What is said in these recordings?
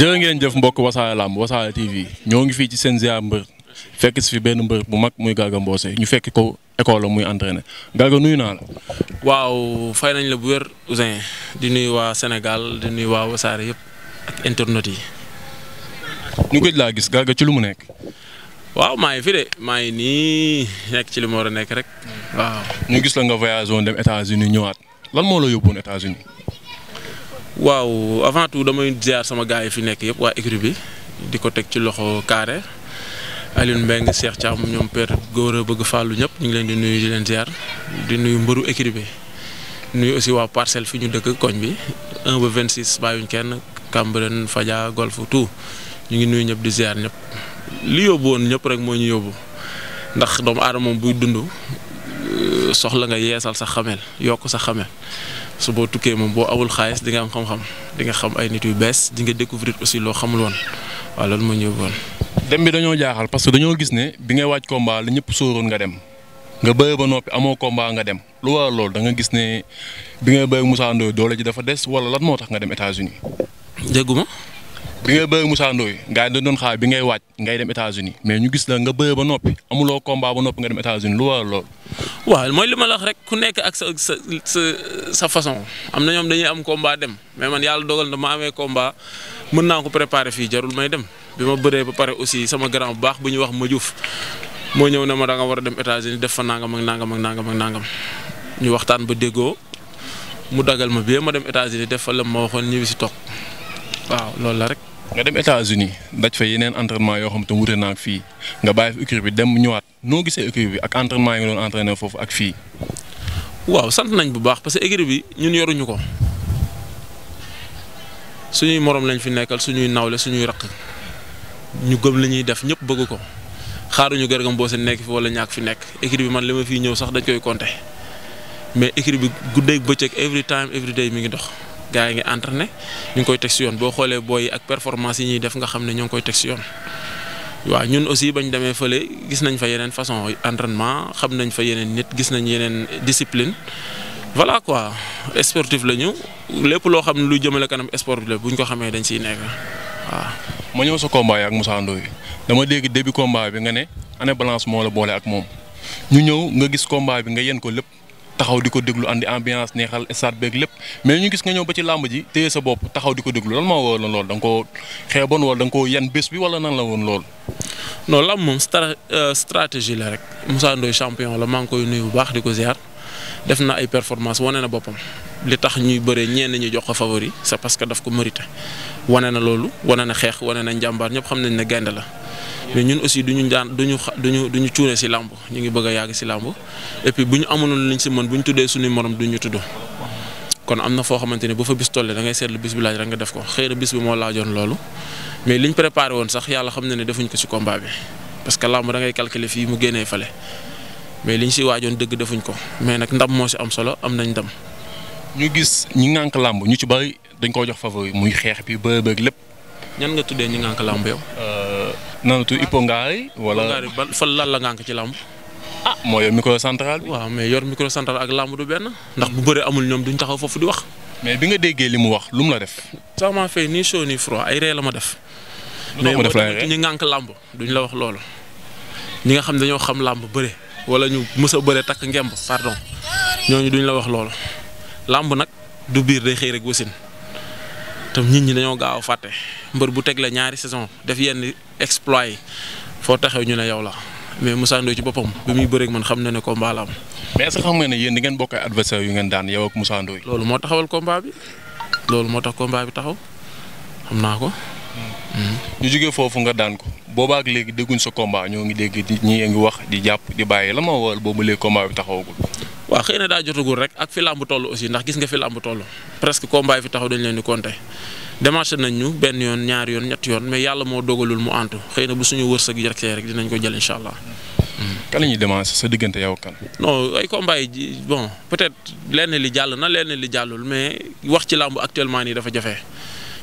jërë ngeen jëf mbokk wasaare làmb wasaare TV ñoo ngi fii ci seen ziar mbër fekk si fi benn mbër bu mag muy Garga Mbossé ñu fekk ko école la muy entraîné Garga nuyu naa la. waaw fay nañ la bu wér Ousin di nuyu waa Sénégal di nuyu waa wasaare yëpp ak internet yi. ñu gëj laa gis Garga ci lu mu nekk. waaw maa ngi fi de maa ngi nii nekk ci li mu war a nekk rek waaw. ñu gis la nga voyage woon dem États-Unis ñëwaat lan moo la yóbbuwoon États-Unis waaw avant tout damay ziar sama gars yi fi nekk yëpp waa écurie bi di ko teg ci loxo carré Alioune Mbengue Cheikh Thiam ñoom père Gora bëgg fàllu ñëpp ñu ngi leen di nuyu di leen ziar di nuyu mbëru écurie bi nuyu aussi waa parcelle fi ñu dëkk koñ bi 1 ba 26 bàyyuñ kenn Cambérène Fadia Golf tout ñu ngi nuyu ñëpp di ziar ñëpp li yóbbu woon ñëpp rek moo ñu yóbbu ndax doom aadama moom buy dund soxla nga yeesal sa xamel yokk sa xamel su boo tukkee moom boo awul xaalis di am xam-xam di nga xam ay nit yu bees di nga découvrir aussi loo xamul woon waaw loolu moo ñëw woon. dem bi dañoo jaaxal parce que dañoo gis ne bi ngay waaj combat la ñëpp sóoroon nga dem nga bëre ba noppi amoo combat nga dem lu waral loolu da nga gis ne bi ngay bëre Moussa Ndoye doole ji dafa des wala lan moo tax nga dem États-Unis dégguma bi ngay bëre Moussa Ndoye gars yi doon xaar bi ngay waaj ngay dem États-Unis mais ñu gis la nga bëre ba noppi amuloo combat ba noppi nga dem États-Unis lu waral lool. waaw mooy li ma la rek ku nekk ak sa sa sa sa façon am na ñoom dañuy am combat dem mais man yàlla dogal na ma amee combat mën naa ko préparer fii jarul may dem bi ma bëree ba pare aussi sama grand bu baax bu ñuy wax ma Diouf moo ñëw ne ma da war a dem États-Unis def fa nangam ak nangam ak nangam ak nangam ñu waxtaan ba déggoo mu dagal ma bi ma dem États-Unis def fa la ma waxoon ñibbi si toog waaw loolu la rek. nga dem États-Unis daj fa yeneen entraînement yoo xam te wute na ak fii nga bàyyi fi bi dem ñëwaat noo gisee équipe bi ak entraînement yi nga doon entraîné foofu ak fii. waaw sant nañ bu baax parce que équipe bi ñun yoruñu ko suñuy morom lañ fi nekkal suñuy nawle suñuy raq ñu gëm li ñuy def ñëpp bëgg ko xaaruñu gërëm boo seen nekk fi wala ñàkk fi nekk équipe bi man li ma fiy ñëw sax dañ koy compter mais équipe bi guddeeg bëccëg every time every day mi ngi dox. gars yi ngi entraîné ñu ngi koy teg si yoon boo xoolee booy ak performance yi ñuy def nga xam ne ñoo ngi koy teg si yoon. waaw ñun aussi bañ demee fële gis nañ fa yeneen façon entraînement xam nañ fa yeneen nit gis nañ yeneen discipline voilà quoi sportif la ñu lépp loo xam ne lu jëmale kanam sport bi la buñ ko xamee dañ siy nekk waaw. ma ñëw sa combat ak Moussa yi dama dégg début combat bi nga ne année balance moo la boole ak moom ñu ñëw nga gis combat bi nga yen ko lépp. taxaw di ko déglu andi ambiance neexal stade beeg lépp mais ñu gis nga ñëw ba ci làmb ji téye sa bopp taxaw di ko déglu lan moo waroon lool da nga koo xeeboon wala da nga yan bés bi wala nan la woon loolu non làmb moom euh, stratégie la rek Moussa Ndoye champion la maa ngi koy nuyu bu baax di ko ziar def na ay performance wane na boppam li tax ñuy bëree ñenn ñi jox ko favori c'est parce que daf ko mérité wane na loolu wane na xeex wane na njàmbaar ñëpp xam nañ ne gaynde la. mais ñun aussi du ñu duñu duñu duñu cuune si làmb ñu ngi bëgg a yàgg si làmb et bu ñu amoon ñu si mën bu ñu tuddee suñu du ñu tudd kon am na foo xamante ni bu fa bis tollee da ngay seetlu bis bi laaj rek nga def ko xëy bis bi moo laajoon loolu mais liñ préparé woon sax yàlla xam na ne defuñ ko si combat parce que làmb da ngay calculer fii mu génnee fale mais liñ si waajoon dëgg defuñ ko mais nag ndam moo si am solo am nañ ndam. ñu gis ñi ngànk làmb ñu ci bari dañ koo jox yi muy xeex bi ba bëgg lépp. ñan nga tuddee ñi ngànk làmb yow. nanatu Ipo Ngari wala. Ngari ban fan lan la ngànk ci làmb. a ah, mooy yor micro central bi. waaw mais yor micro central ak làmb du benn. ndax bu bëri amul ñoom duñ taxaw foofu di wax. mais bi nga déggee li mu wax lu mu la def. sax maa fay nii chaud nii froid ay ree la ma def. mais moo tax ñi ngànk làmb duñ la wax loolu. ñi nga xam ne dañoo xam làmb bëre wala ñu mës a bëre takk ngemb pardon ñooñu duñ la wax loolu làmb nag du biir day xëy rek wasin tam nit ñi dañoo gaaw fàtte mbër bu teg la ñaari saison exploit foo taxaw ñu ne yow la mais Moussa ci boppam bi muy bëreeg man xam na ne combat la mais xam nga ne yéen di ngeen bokk adversaire yu ngeen daan yow ak Moussa Ndoye. loolu moo taxawal combat bi loolu moo tax combat bi taxaw xam naa ko. Hmm. ñu jógee foofu nga daan ko boobaak léegi dégguñ sa combat ñoo ngi dégg di ñi ngi wax di jàpp di bàyyi la ma wol boobu léegi combat bi taxawagul. waa xëy na daa jotagul rek ak fi làmb toll aussi ndax gis nga fi làmb toll presque combat yi fi taxaw dañ leen di compter démarché nañ ñu benn yoon ñaari yoon ñetti yoon mais yàlla moo dogalul mu antu xëy na bu suñu wërsëg jërëjëf rek dinañ ko jël incha allah. kan la ñuy démarché sa diggante yow kan. non ay combat yi bon peut-être lenn li jàll na lenn li jàllul mais wax ci làmb actuellement nii dafa jafe.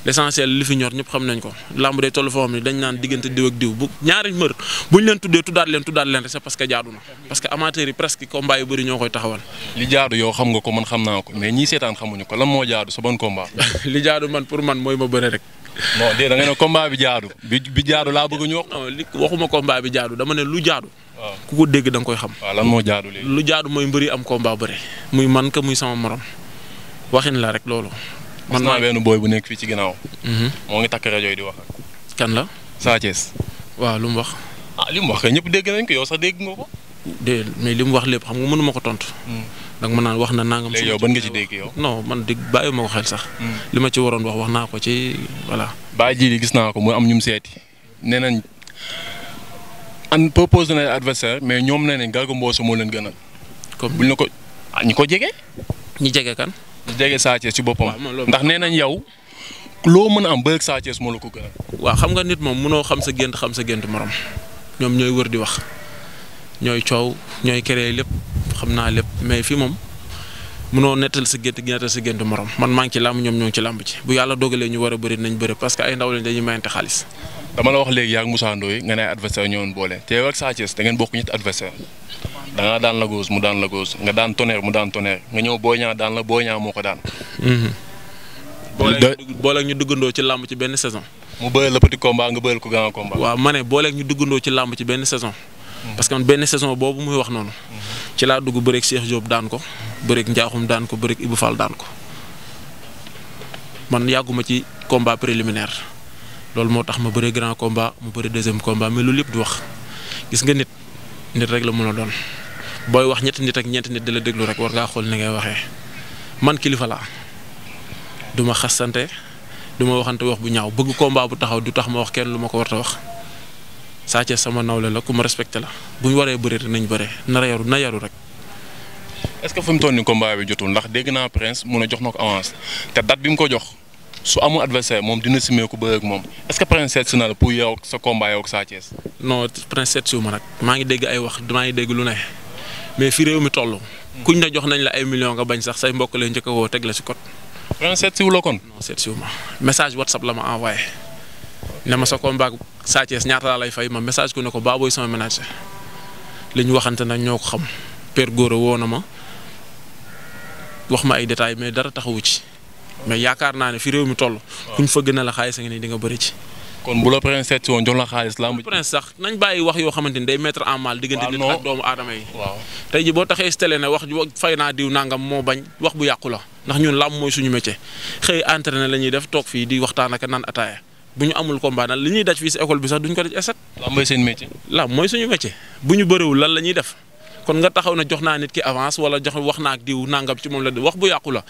l'essentiel li fi ñor ñëpp xam nañ ko làmb day toll foo xam ne dañ naan diggante diw ak leen tuddee tuddaat leen tuddaat leen rek parce que jaadu na parce que amateurs yi koy taxawal li jaadu yow xam nga ko man xam naa ko mais ñii seetaan xamuñu ko lan moo jaadu sa bon combat li jaadu man pour man mooy ma bëre rek non dé ne bi jaadu bi bi laa bëgg ñu wax non li waxuma combat bi jaadu dama ne lu jaadu ku ko dégg danga koy xam waaw lan moo jaadu lu jaadu mooy mbëri am combat bëre muy man ka muy sama morom waxin la rek loolu man naa benn booy bu nekk fii ci ginnaaw. Mhm. moo ngi takk rajo yi di wax. kan la. saa Thiès. waaw lu mu wax. ah li mu wax kay ñëpp dégg nañ ko yow sax dégg nga ko. dé mais li mu wax lépp xam nga mënu ma ko tontu. ndax hmm. mën naan wax na nangam. léegi yow ban nga ci dégg yow. man di bàyyi ma ko xel sax. Hmm. li ma ci waroon wax wax naa ko ci voilà. baa ji li gis naa ko mu am ñu mu seeti nee nañ an proposé na adversaire mais ñoom nee nañ Garga Mbossé moo leen gën comme buñ la ko ah ñu ko jege. ñu jege kan. jege Sa Thiès ci boppam. ndax nee nañ yow loo mën a am bëgg Sa Thiès moo la ko gënal. waaw xam nga nit moom mënoo xam sa gént xam sa gént morom ñoom ñooy wër di wax ñooy coow ñooy créé lépp xam naa lépp mais fii moom mënoo nettal man maa ci làmb ñoom ñoo ngi ci làmb ci bu yàlla dogalee ñu war a bëri nañ bëri parce que ay ndaw lañ dañuy mayante xaalis. dama la wax léegi yaa ngi Moussa Ndoye nga ne adversaire ñëwoon boole te yow ak Sa ngeen bokk ñetti adversaire da ngaa daan la góos mu daan la góos nga daan tonnerre mu daan tonnerre nga ñëw booy daan la booy moo ko daan. Mhm. booleeg ñu duggandoo ci làmb ci benn saison. mu bëyal la petit combat nga bëyal ko waaw ma ne booleeg ñu duggandoo ci làmb ci benn saison. Mhm. parce que benn saison boobu muy wax noonu. Mhm. ci laa dugg bëreeg Cheikh Diop daan ko bëreeg Ndiakhoum daan ko bëreeg Ibou Fall daan ko man yàgguma ci combat préliminaire loolu moo tax ma bëre grand combat mu bëre deuxième combat mais loolu yëpp du wax gis nit rek la mun a doon booy wax ñetti nit ak ñeenti nit di la déglu rek war ngaa xool ni ngay waxee man kilifa laa duma ma xasante du ma waxante wax bu ñaaw bëgg kombaa bu taxaw du tax ma wax kenn lu ma ko warta wax. Sa Thiès sama nawle la ku ma respecté la bu ñu waree bëree nañ bëree nar a yaru na yaru rek. est-ce que fi mu toll nii combat bi jotul ndax dégg naa Prince mun a jox ma ko avance te date bi mu ko jox. su amul adversaire moom dina simmee ko bëre moom est-ce que Prince seet si na la pour yow sa combat yow ak Sa Thiès. non Prince seet ma nag dégg ay wax maa ngi dégg ne mais fi réew mi toll. kuñ la jox nañ la ay millions nga bañ sax say lay njëkk woo teg si code. Prince seet siwu non seet siwu ma message WhatsApp la ma envoyé ne ma sa combat ak Sa ñaata lay fay ma message ku ne ko Baboy sama ménager li ñu waxante nag ñoo ko xam Père Gora woo na ma wax ma ay détails mais dara taxawu ci. mais yaakaar naa ne fi réew mi toll. kuñ fëgg na la xaalis nga ni di nga bëri ci. kon bu la prince seet si woon la xaalis lamb prince sax nañ yoo xamante ni day mettre en mal diggante nit ak doomu aadama ji boo taxee si télé ne wax fay naa diw nangam moo bañ bu yàqu la ndax ñun lamb mooy suñu métier xëy entraîné la ñuy def toog fii di waxtaan ak naan bu ñu amul combat nag li ñuy daj fii si école bi sax ko daj eset lamb mooy seen métier mooy suñu métier bu ñu bëriwul lan la ñuy def kon nga taxaw na jox naa nit ki avance wala jox wax naa ak diw nangam ci moom la wax bu yàqu la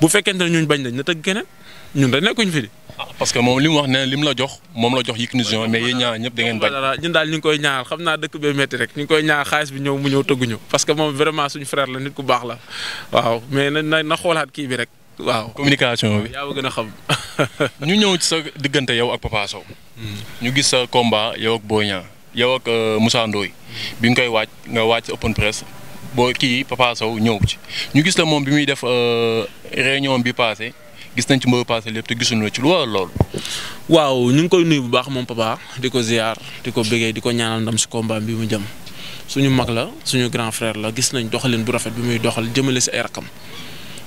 bu fekkente ne ñun bañ nañ na tëgg keneen ñun da nekkuñ fi di. Ah, moom li mu wax ne li mu la jox moom la jox Yékini Junior mais ñëpp da ngeen bañ. ñun daal ñu ngi koy ñaar xam naa dëkk bee métti rek ñu ngi koy ñaar xaalis bi ñëw mu ñëw tëgguñu parce que moom vraiment suñu frère la nit ku baax la waaw mais na xoolaat kii bi rek waaw. communication bi yaa gën a xam. ñu ñëw ci sa diggante yow ak Papa Sow. Hmm. ñu gis sa combat yow ak boo Niang yow ak euh, Moussa Ndoye bi nga koy waaj nga waaj sa open press boo kii Papa Sow ñëw ci ñu gis la moom bi muy def euh, réunion bi passé gis nañ ci mboobu passé lépp te gisuñu ci lu waral loolu. waaw ñu ngi koy nuyu bu baax moom papa di ko ziar di ko bëggee di ko ñaanal ndam si combat bi mu jëm suñu mag la suñu grand frère la gis nañ doxalin bu rafet bi muy doxal jëmale si ay rakam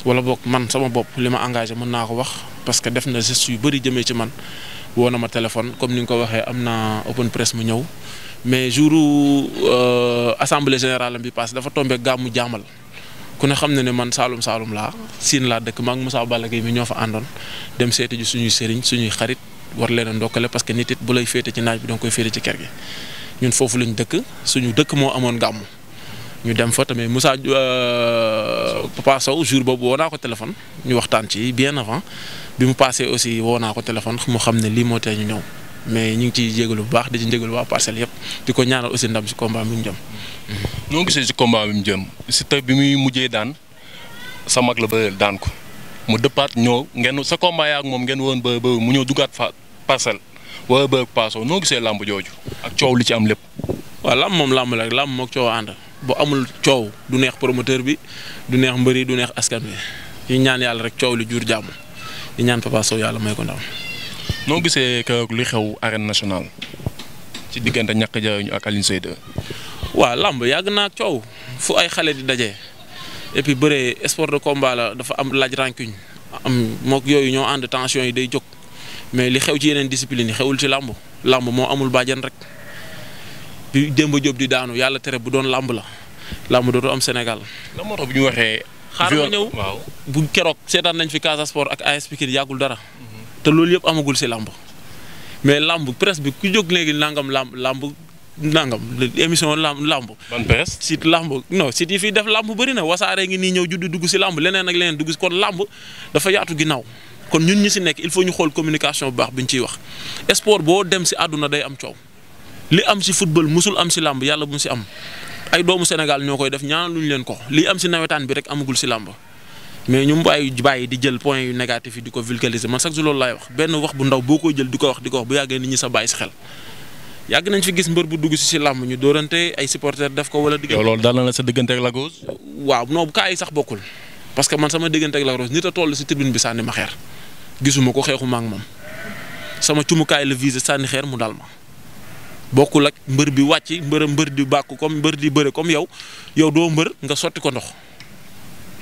wala boog man sama bopp li ma engagé mën naa ko wax parce que def na geste yu bëri jëmee ci man. woo na ma comme ni nga ko waxee am na open press mu ñëw mais jouru euh, assemblée générale bi passe dafa tombé gàmmu jaamal ku ne xam ne ne man Saalum Saalum laa siin laa dëkk maa ngi Moussa Balla Gaye mi ñoo fa àndoon dem seeti ji suñuy sëriñ suñuy xarit war leen a ndokkale parce que nit it bu lay féete ci naaj bi danga koy féete ci kër gi ñun foofu lañ dëkk suñu dëkk moo amoon gàmmu ñu dem fa tamit Moussa euh, Papa Sow jour boobu woo naa ko téléphone ñu waxtaan ci bien avant bi mu passé aussi woo naa ko téléphone mu xam ne lii moo tee ñu ñëw mais ñu ngi ciy jégalu bu baax di ci jégalu waa parcelle yëpp di ko ñaanal aussi ndam si combat bi mu jëm. ñoo mhm. gisee si combat bi mu jëm si tey bi muy mujjee daan sa mag la ba daan ko mu dëppaat ñëw ngeen sa combat yaa ak moom ngeen woon ba ba mu ñëw duggaat fa parcelle wala ba Papa noo gisee làmb jooju ak coow ci am lépp. waaw moom làmb la rek làmb ànd. bu amul coow du neex promoteur bi du neex mbër yi du neex askan wi ñu ñaan yàlla rek coow li jur jàmm ñu ñaan Papa yàlla may ko ndam. moo gisee que li xew arène nationale ci diggante ñàkk jaww ak Alioune Seye 2. waaw yàgg naa coow fu ay xale di daje et puis bëree sport de combat la dafa am laaj rancune am mook yooyu ñoo ànd tension yi day jóg mais li xew ci yeneen discipline yi xewul ci làmb làmb moo amul bàjjen rek. bi Demba Diop di daanu yàlla tere bu doon làmb la làmb dootu am Sénégal. lan moo tax bu ñu waxee. xaaral ma ñëw bu keroog seetaan nañ fi Casa Sport ak AS Pikine yàggul dara. te loolu yëpp amagul si làmb mais làmb presse bi ku jóg léegi nangam làmb làmb nangam émission làmb làmb. ban presse site làmb non site yi fii def làmb bëri na wasaare ngi nii ñëw judd dugg si làmb leneen ak leneen dugg si kon làmb dafa yaatu ginnaaw. kon ñun ñi si nekk il faut ñu xool communication bu baax bi ñu ciy wax sport boo dem si àdduna day am li am si football musul am si làmb yàlla bu mu si am ay doomu Sénégal ñoo koy def ñaanal luñu leen ko li am si nawetaan bi rek amagul si làmb mais ñu bàyyi bàyyi di jël point yu négatif yi di ko vulgariser man sax si loolu laay wax benn wax bu ndaw boo koy jël di ko wax di ko wax bu yàggee nit ñi sa bàyyi si xel yàgg nañ fi gis mbër bu dugg si si làmb ñu doorante ay supporters def ko wala. yow loolu dal na la sa diggante ak Lagos. waaw non kaa yi sax bokkul parce que man sama diggante ak Lagos nit a toll si tribune bi sànni ma xeer gisuma ko xeexuma ak moom sama cumukaay la visé sànni xeer mu dal ma bokkul ak mbër bi wàcc mbër mbër di bàkk comme mbër di bëre comme yow yow doo mbër nga sotti ko ndox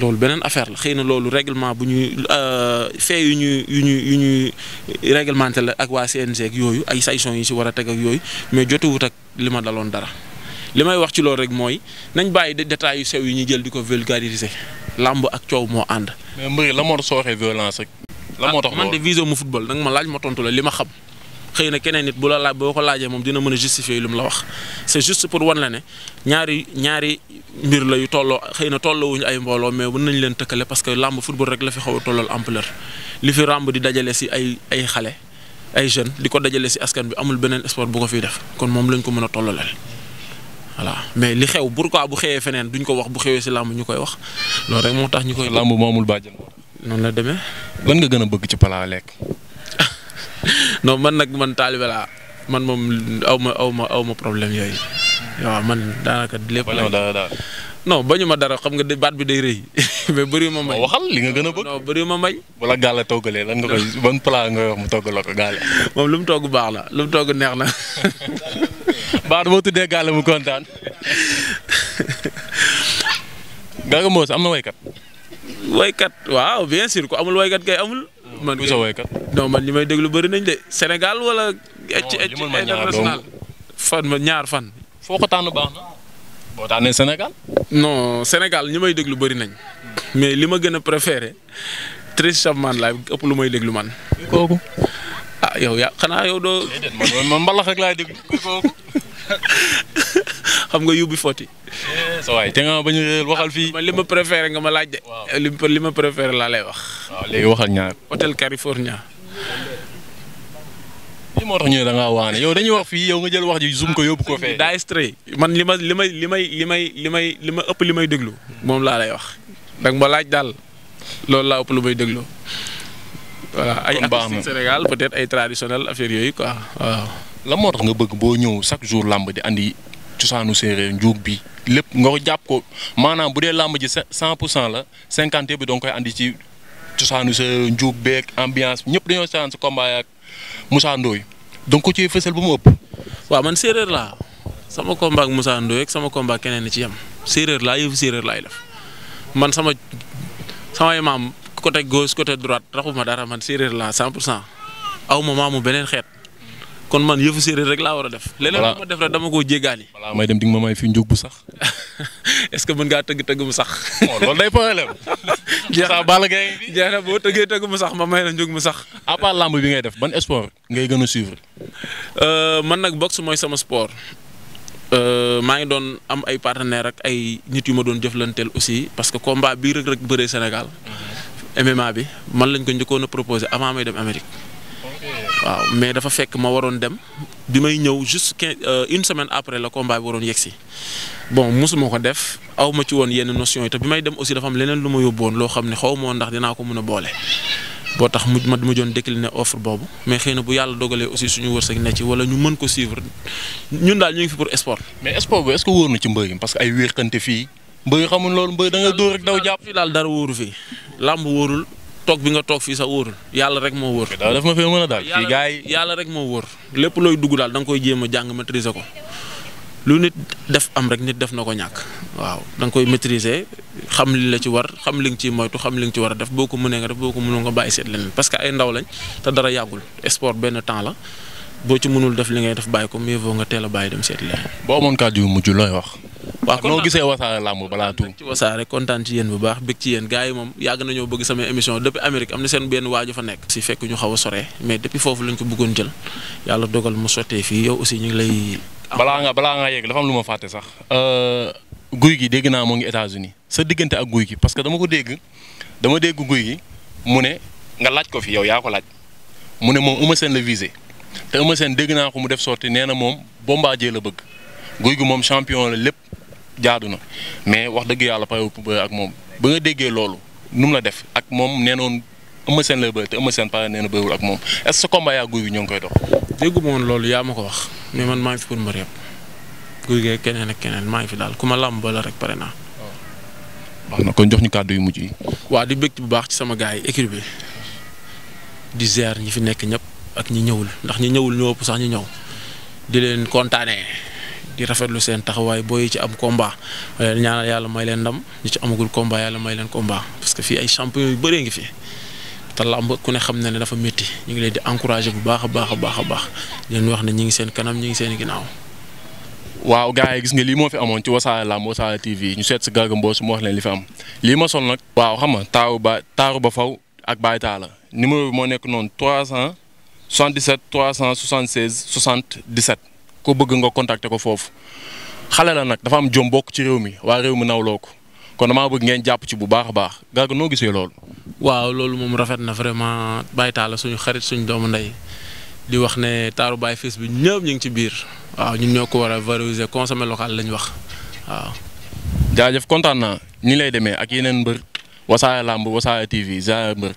loolu beneen affaire la xëy na loolu règlement bu ñuy euh, fee yu ñuy yu ñuy yu la ak waa CNG ak yooyu ay sanctions yi si war a teg ak yooyu mais jotewut ak li ma daloon dara li may wax ci loolu rek mooy nañ bàyyi détails yu sew yi ñu jël di ko vulgariser làmb ak coow moo ànd. mais mbir la moo sooxee violence ah, tax man de vision mu football nag ma laaj ma tontu la li ma xam. xëy na keneen nit bu la laaj boo ko laajee moom dina mën a justifier lu mu la wax c'est juste pour wan la ne ñaari ñaari mbir la yu tolloo xëy na tolloowuñu ay mbooloo mais mën nañ leen tëkkale parce que làmb football rek la fi xaw a tollool li fi ràmb di dajale si ay ay xale ay jeunes di ko dajale si askan bi amul beneen sport bu ko fiy def kon moom lañ ko mën a tollaleel voilà mais li xew pourquoi bu xewee feneen duñ ko wax bu xewee si làmb ñu koy wax loolu rek moo tax ñu koy. làmb moomul bàjjen. noonu la demee. lan nga gën a bëgg ci palaa lekk. non man nag man taalibe laa man moom aw ma aw ma aw ma problème yooyu waaw man daanaka lépp. non bañu ma dara xam nga baat bi day rëy mais bëri ma may. waxal li nga gën a bëgg. non ma may. wala gàlla toggalee lan nga koy ban plat mu toggal ko moom lu mu togg baax la lu mu togg neex na. baax boo tuddee gàlla mu kontaan. Garga Mbossé am na waykat. waaw bien sûr ku amul waykat kay amul. man ku sa woykat non man ñi may déglu bëri nañ de senegal wala. ci international fan ma ñaar fan. foo ko tànn baax na. boo tànnee Sénégal. non Sénégal ñi may déglu bëri nañ. mais li ma gën a préféré Tracy Chapman laay ëpp lu may déglu man. kooku. ah yow yaa xanaa yow doo. man mbalax rek laay déglu nga yóbbu foti. Eh, te nga bañ a waxal fii. man li ma préféré nga ma laaj de. li ma laa lay wax. waaw léegi waxal ñaar. hôtel California. lii moo tax ñu ne da yow dañuy wax fii yow nga jël wax ji zoom ko ko fee. daa stray man li ma li may li may li may li may li ma ëpp li may déglu moom laa lay wax dag ma laaj daal loolu laa ëpp lu may déglu voilà ay acoustique Sénégal ay traditionnel affaire yooyu quoi waaw. moo tax nga bëgg boo ñëw chaque jour làmb di andi cosaanu séeréer njuug bi lépp nga ko jàpp ko maanaam bu dee làmb ji cent pour cent la cinquante bi doo koy andi ci. cosaanu sa njuug beeg ambiance ñëpp dañoo saan sa combat ak Moussa Ndoye donc ko ciy fësal ba mu ëpp. waaw man séeréer laa sama combat ak Moussa Ndoye ak sama combat keneen ni ci yem séeréer laa yëfu séeréer laay def man sama samay maam côté gauche côté droite raxuma dara man séeréer la 100 pour cent aw ma maamu beneen xeet. kon man yëfu séeréer rek laa war a def. leneen lu ma def rek dama koo jéggaani. balaa may dem di nga ma may fi njóg bu sax. est-ce que mën ngaa tëgg tëgg mu sax. Oh, loolu day problème. jeex na Balla boo tëggee tëgg mu sax ma may la njóg mu sax. à part bi ngay def ban sport ngay gën a suivre. Euh, man nag boxe mooy sama sport. Euh, maa ngi doon am ay partenaires rek ay nit yu ma doon jëflanteel aussi parce que combat bi rek rek bëree Sénégal MMA bi man lañ ko njëkkoon a proposé avant may dem Amérique. waaw mais dafa fekk ma waroon dem bi may ñëw juste quinze euh, une semaine après la combat bi waroon yegsi bon mosuma ko def aw ma ci woon yenn notion yi te bi may dem aussi dafa am leneen lu ma yóbboon loo xam ne xaw ma woon ndax dinaa ko mën a boole. boo tax mu ma ma joon décliner offre boobu mais xëy na bu yàlla dogalee aussi suñu wërsëg ne ci wala ñu mën ko suivre ñun daal ñu ngi fi pour sport. mais sport bi est-ce que wóor na ci mbër yi parce que ay wéqante fii mbër da nga dóor rek toog bi nga toog fii sa wóorul yàlla rek moo wóor. daal daf ma fee a daal fii rek moo wóor lépp looy dugg daal danga koy jéem a jàng maîtriser ko lu nit def am rek nit def na ko ñàkk waaw danga koy maîtriser xam li la ci war xam li nga ci moytu xam li nga ci war a def boo ko mënee nga def boo ko mënul nga bàyyi seet leneen parce que ay ndaw lañ te dara yàggul sport benn temps la boo ci mënul def li ngay def bàyyi ko mu vaut nga teela a bàyyi dem seet leneen. boo amoon kàddu yu mujj looy wax. waaw noo gisee wasaare làmb balaa tuum ci wasaare kontaan ci yéen bu baax bég ci yéen gars yi moom yàgg nañoo bëgg sama émission depuis Amérique am na seen benn waaju fa nekk si fekk ñu xaw a sore mais depuis foofu lañ ko bëggoon jël yàlla dogal mu sottee fii yow aussi ñu ngi lay balaa nga balaa nga yegg dafa am lu ma fàtte sax euh, guy gi dégg naa moo ngi États-Unis sa diggante ak guy gi parce que dama ko dégg dama dégg guy gi mu ne nga laaj ko fi yow yaa ko laaj mu ne moom Eumeu Sène la visé te dégg naa ko mu def sorti nee na moom Bombardier la bëgg guy gi moom champion la lépp jaadu na mais wax dëgg yàlla pare ak moom ba nga déggee loolu nu mu la def ak moom nee noonu Eumeu Sène la bëri te Eumeu Sène pare nee na ak moom est-ce que combat yaa guy gi ñoo ngi koy dox. dégguma woon loolu yaa ma ko wax mais man maa ngi fi pour mbër gee keneen ak keneen maa ngi fi daal ku ma làmb la rek pare naa. baax na kon jox ñu kàddu yu mujj yi. waa di bëgg bu baax ci sama gars yi équipe bi di ziar ñi fi nekk ñëpp ak ñi ñëwul ndax ñi ñëwul ñoo ëpp sax ñu ñëw di leen kontaanee. di rafetlu seen taxawaay booy ci am combat eh, ñaanal yàlla may leen ndam ñu ci amagul combat yàlla may leen combat parce que fii ay champion yu bëree ngi fi te làmb ku ne xam na ne dafa métti ñu ngi leen di encouragé bu baax baax a baax a baax di wax ne ñu ngi seen kanam ñu ngi seen ginnaaw. waaw gars yi gis nga lii moo fi amoon ci wasaare làmb wasaare TV ñu seet si Garga Mbossé mu wax leen li fi am lii ma sol nag. waaw xam nga taaru ba taaru ba faw ak Baye la numéro bi moo nekk noonu 377 376 77. ko bëgg nga contacter ko foofu xale la nag dafa am jom bokk ci réew mi waa réew mi nawloo ko kon damaa bëgg ngeen jàpp ci bu baax baax Garga noo gisee loolu. waaw loolu moom rafet na vraiment Baye Talla suñu xarit suñu doomu ndey di wax ne taaru Baye Fils bi ñëpp ñu ngi ci biir waaw ñun ñoo ko war a valoriser consommer local lañ wax waaw. jaajëf kontaan naa ni lay demee ak yeneen mbër Wassare Lamb Wassare TV Zaire